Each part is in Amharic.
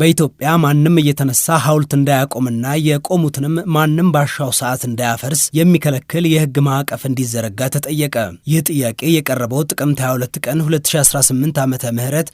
በኢትዮጵያ ማንም እየተነሳ ሐውልት እንዳያቆምና የቆሙትንም ማንም ባሻው ሰዓት እንዳያፈርስ የሚከለክል የሕግ ማዕቀፍ እንዲዘረጋ ተጠየቀ። ይህ ጥያቄ የቀረበው ጥቅምት 22 ቀን 2018 ዓ ም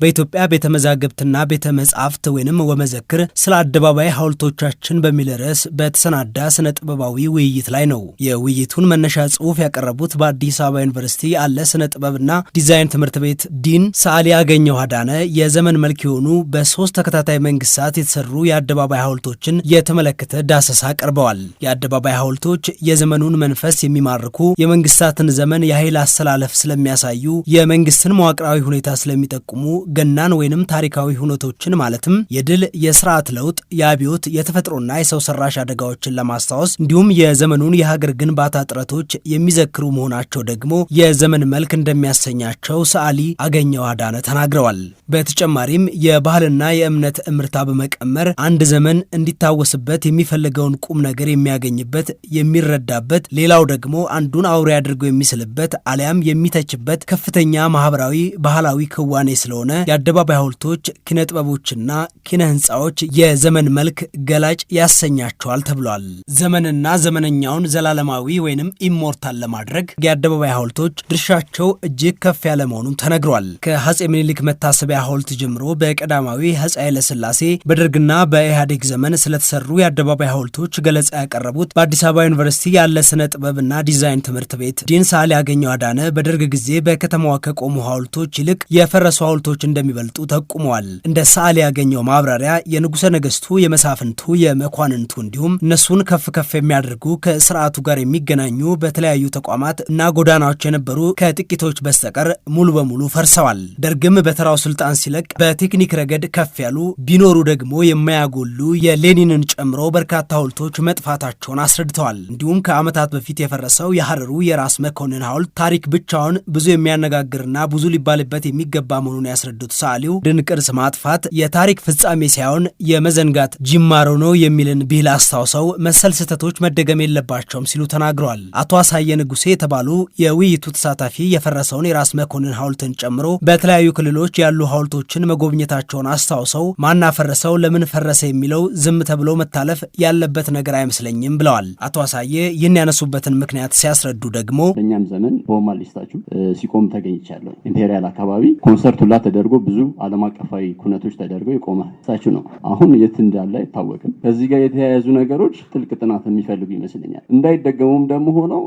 በኢትዮጵያ ቤተ መዛግብትና ቤተ መጻሕፍት ወይንም ወመዘክር ስለ አደባባይ ሐውልቶቻችን በሚል ርዕስ በተሰናዳ ስነ ጥበባዊ ውይይት ላይ ነው። የውይይቱን መነሻ ጽሑፍ ያቀረቡት በአዲስ አበባ ዩኒቨርሲቲ አለ ስነ ጥበብና ዲዛይን ትምህርት ቤት ዲን ሰዓሊ አገኘው አዳነ የዘመን መልክ የሆኑ በሶስት ተከታታይ መንግስታት የተሰሩ የአደባባይ ሐውልቶችን የተመለከተ ዳሰሳ ቀርበዋል። የአደባባይ ሐውልቶች የዘመኑን መንፈስ የሚማርኩ የመንግስታትን ዘመን የኃይል አሰላለፍ ስለሚያሳዩ፣ የመንግስትን መዋቅራዊ ሁኔታ ስለሚጠቁሙ፣ ገናን ወይንም ታሪካዊ ሁነቶችን ማለትም የድል፣ የስርዓት ለውጥ፣ የአብዮት፣ የተፈጥሮና የሰው ሰራሽ አደጋዎችን ለማስታወስ እንዲሁም የዘመኑን የሀገር ግንባታ ጥረቶች የሚዘክሩ መሆናቸው ደግሞ የዘመን መልክ እንደሚያሰኛቸው ሰዓሊ አገኘው አዳነ ተናግረዋል። በተጨማሪም የባህልና የእምነት እምነት ምርታ በመቀመር አንድ ዘመን እንዲታወስበት የሚፈልገውን ቁም ነገር የሚያገኝበት የሚረዳበት፣ ሌላው ደግሞ አንዱን አውሬ አድርገው የሚስልበት አሊያም የሚተችበት ከፍተኛ ማህበራዊ ባህላዊ ክዋኔ ስለሆነ የአደባባይ ሐውልቶች ኪነ ጥበቦችና ኪነ ህንፃዎች የዘመን መልክ ገላጭ ያሰኛቸዋል ተብሏል። ዘመንና ዘመነኛውን ዘላለማዊ ወይንም ኢሞርታል ለማድረግ የአደባባይ ሐውልቶች ድርሻቸው እጅግ ከፍ ያለ መሆኑም ተነግሯል። ከአፄ ምኒልክ መታሰቢያ ሐውልት ጀምሮ በቀዳማዊ አፄ ኃይለስላሴ ስላሴ በደርግና በኢህአዴግ ዘመን ስለተሰሩ የአደባባይ ሐውልቶች ገለጻ ያቀረቡት በአዲስ አበባ ዩኒቨርሲቲ ያለ ስነ ጥበብና ዲዛይን ትምህርት ቤት ዲን ሳል ያገኘው አዳነ በደርግ ጊዜ በከተማዋ ከቆሙ ሐውልቶች ይልቅ የፈረሱ ሐውልቶች እንደሚበልጡ ጠቁመዋል። እንደ ሳል ያገኘው ማብራሪያ የንጉሠ ነገሥቱ፣ የመሳፍንቱ፣ የመኳንንቱ እንዲሁም እነሱን ከፍ ከፍ የሚያደርጉ ከስርዓቱ ጋር የሚገናኙ በተለያዩ ተቋማት እና ጎዳናዎች የነበሩ ከጥቂቶች በስተቀር ሙሉ በሙሉ ፈርሰዋል። ደርግም በተራው ስልጣን ሲለቅ በቴክኒክ ረገድ ከፍ ያሉ ቢኖሩ ደግሞ የማያጎሉ የሌኒንን ጨምሮ በርካታ ሐውልቶች መጥፋታቸውን አስረድተዋል። እንዲሁም ከዓመታት በፊት የፈረሰው የሐረሩ የራስ መኮንን ሐውልት ታሪክ ብቻውን ብዙ የሚያነጋግርና ብዙ ሊባልበት የሚገባ መሆኑን ያስረዱት ሰዓሊው ድን ቅርስ ማጥፋት የታሪክ ፍጻሜ ሳይሆን የመዘንጋት ጅማሮ ነው የሚልን ብሂል አስታውሰው መሰል ስህተቶች መደገም የለባቸውም ሲሉ ተናግረዋል። አቶ አሳየ ንጉሴ የተባሉ የውይይቱ ተሳታፊ የፈረሰውን የራስ መኮንን ሐውልትን ጨምሮ በተለያዩ ክልሎች ያሉ ሐውልቶችን መጎብኘታቸውን አስታውሰው ማ አናፈረሰው ለምን ፈረሰ የሚለው ዝም ተብሎ መታለፍ ያለበት ነገር አይመስለኝም ብለዋል አቶ አሳየ ይህን ያነሱበትን ምክንያት ሲያስረዱ ደግሞ በእኛም ዘመን በወማ ሊስታችሁ ሲቆም ተገኝቻለሁ። ኢምፔሪያል አካባቢ ኮንሰርት ሁላ ተደርጎ ብዙ ዓለም አቀፋዊ ኩነቶች ተደርገው የቆመ ሊስታችሁ ነው። አሁን የት እንዳለ አይታወቅም። ከዚህ ጋር የተያያዙ ነገሮች ጥልቅ ጥናት የሚፈልጉ ይመስለኛል። እንዳይደገሙም ደግሞ ሆነው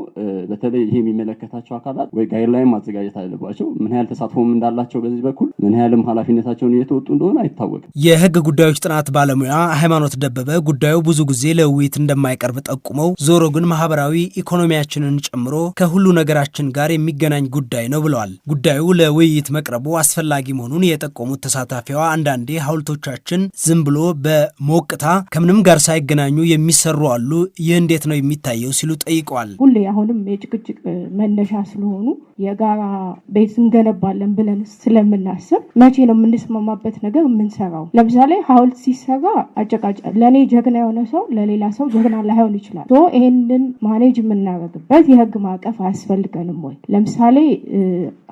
በተለይ ይሄ የሚመለከታቸው አካላት ወይ ጋይድላይን ማዘጋጀት አለባቸው። ምን ያህል ተሳትፎም እንዳላቸው በዚህ በኩል ምን ያህልም ኃላፊነታቸውን እየተወጡ እንደሆነ አይታወቅም። የህግ ጉዳዮች ጥናት ባለሙያ ሃይማኖት ደበበ ጉዳዩ ብዙ ጊዜ ለውይይት እንደማይቀርብ ጠቁመው ዞሮ ግን ማህበራዊ ኢኮኖሚያችንን ጨምሮ ከሁሉ ነገራችን ጋር የሚገናኝ ጉዳይ ነው ብለዋል። ጉዳዩ ለውይይት መቅረቡ አስፈላጊ መሆኑን የጠቆሙት ተሳታፊዋ አንዳንዴ ሀውልቶቻችን ዝም ብሎ በሞቅታ ከምንም ጋር ሳይገናኙ የሚሰሩ አሉ። ይህ እንዴት ነው የሚታየው ሲሉ ጠይቀዋል። ሁሌ አሁንም የጭቅጭቅ መነሻ ስለሆኑ የጋራ ቤት እንገነባለን ብለን ስለምናስብ መቼ ነው የምንስማማበት ነገር የምንሰራው? እዛ ላይ ሀውልት ሲሰጋ አጨቃጫ ለእኔ ጀግና የሆነ ሰው ለሌላ ሰው ጀግና ላይሆን ይችላል። ይሄንን ማኔጅ የምናደርግበት የህግ ማዕቀፍ አያስፈልገንም ወይ? ለምሳሌ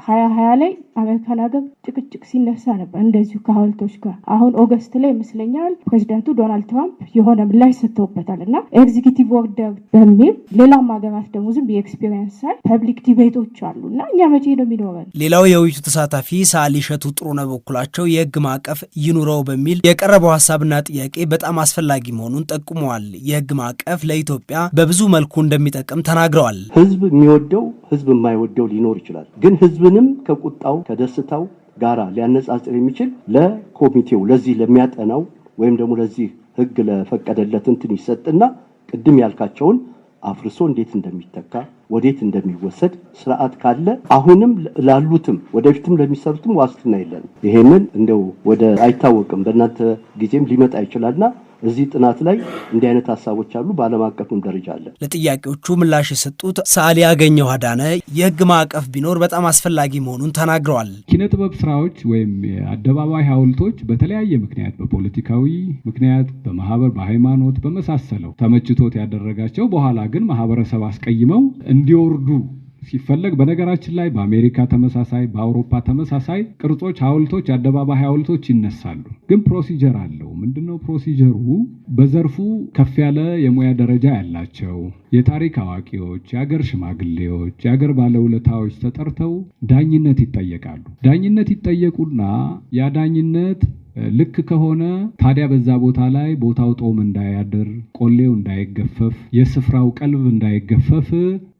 ሀያ ሀያ ላይ አሜሪካ ሀገር ጭቅጭቅ ሲነሳ ነበር እንደዚሁ ከሀውልቶች ጋር። አሁን ኦገስት ላይ ይመስለኛል ፕሬዚዳንቱ ዶናልድ ትራምፕ የሆነ ምላሽ ሰጥተውበታል እና ኤግዚኪቲቭ ኦርደር በሚል ሌላም ሀገራት ደግሞ ዝም የኤክስፔሪንስ ሳይ ፐብሊክ ዲቤቶች አሉ እና እኛ መቼ ነው የሚኖረን? ሌላው የውይይቱ ተሳታፊ ሰዓሊ ጥሩ ጥሩነህ በኩላቸው የህግ ማዕቀፍ ይኑረው በሚል የቀረበው ሀሳብና ጥያቄ በጣም አስፈላጊ መሆኑን ጠቁመዋል። የህግ ማዕቀፍ ለኢትዮጵያ በብዙ መልኩ እንደሚጠቅም ተናግረዋል። ህዝብ የሚወደው ህዝብ የማይወደው ሊኖር ይችላል። ግን ህዝብንም ከቁጣው ከደስታው ጋራ ሊያነጻጽር የሚችል ለኮሚቴው ለዚህ ለሚያጠናው ወይም ደግሞ ለዚህ ህግ ለፈቀደለት እንትን ይሰጥና ቅድም ያልካቸውን አፍርሶ እንዴት እንደሚተካ ወዴት እንደሚወሰድ ስርዓት ካለ አሁንም ላሉትም ወደፊትም ለሚሰሩትም ዋስትና የለን። ይሄንን እንደው ወደ አይታወቅም በእናንተ ጊዜም ሊመጣ ይችላልና እዚህ ጥናት ላይ እንዲህ አይነት ሀሳቦች አሉ። በዓለም አቀፍም ደረጃ አለ። ለጥያቄዎቹ ምላሽ የሰጡት ሰዓሊ ያገኘው አዳነ የህግ ማዕቀፍ ቢኖር በጣም አስፈላጊ መሆኑን ተናግረዋል። ኪነ ጥበብ ስራዎች ወይም የአደባባይ ሀውልቶች በተለያየ ምክንያት በፖለቲካዊ ምክንያት፣ በማህበር፣ በሃይማኖት፣ በመሳሰለው ተመችቶት ያደረጋቸው በኋላ ግን ማህበረሰብ አስቀይመው እንዲወርዱ ሲፈለግ በነገራችን ላይ በአሜሪካ ተመሳሳይ፣ በአውሮፓ ተመሳሳይ ቅርጾች፣ ሀውልቶች፣ አደባባይ ሀውልቶች ይነሳሉ። ግን ፕሮሲጀር አለው። ምንድነው ፕሮሲጀሩ? በዘርፉ ከፍ ያለ የሙያ ደረጃ ያላቸው የታሪክ አዋቂዎች፣ የአገር ሽማግሌዎች፣ የአገር ባለውለታዎች ተጠርተው ዳኝነት ይጠየቃሉ። ዳኝነት ይጠየቁና ያ ዳኝነት ልክ ከሆነ ታዲያ በዛ ቦታ ላይ ቦታው ጦም እንዳያድር፣ ቆሌው እንዳይገፈፍ፣ የስፍራው ቀልብ እንዳይገፈፍ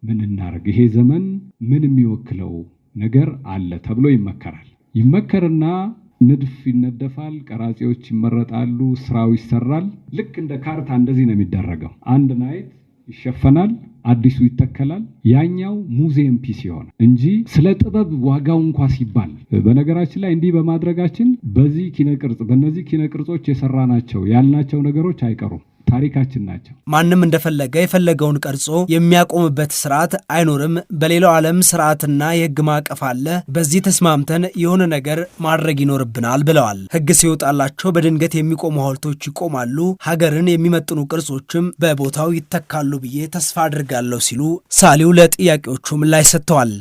ምን እናርግ፣ ይሄ ዘመን ምን የሚወክለው ነገር አለ ተብሎ ይመከራል። ይመከርና ንድፍ ይነደፋል፣ ቀራጺዎች ይመረጣሉ፣ ስራው ይሰራል። ልክ እንደ ካርታ እንደዚህ ነው የሚደረገው። አንድ ናይት ይሸፈናል፣ አዲሱ ይተከላል። ያኛው ሙዚየም ፒስ የሆነ እንጂ ስለ ጥበብ ዋጋው እንኳ ሲባል በነገራችን ላይ እንዲህ በማድረጋችን በዚህ ኪነ ቅርጽ በእነዚህ ኪነ ቅርጾች ናቸው ያልናቸው ነገሮች አይቀሩም። ታሪካችን ናቸው። ማንም እንደፈለገ የፈለገውን ቀርጾ የሚያቆምበት ስርዓት አይኖርም። በሌላው ዓለም ስርዓትና የህግ ማዕቀፍ አለ። በዚህ ተስማምተን የሆነ ነገር ማድረግ ይኖርብናል ብለዋል። ህግ ሲወጣላቸው በድንገት የሚቆሙ ሐውልቶች ይቆማሉ፣ ሀገርን የሚመጥኑ ቅርጾችም በቦታው ይተካሉ ብዬ ተስፋ አድርጋለሁ ሲሉ ሳሊው ለጥያቄዎቹ ምላሽ ሰጥተዋል።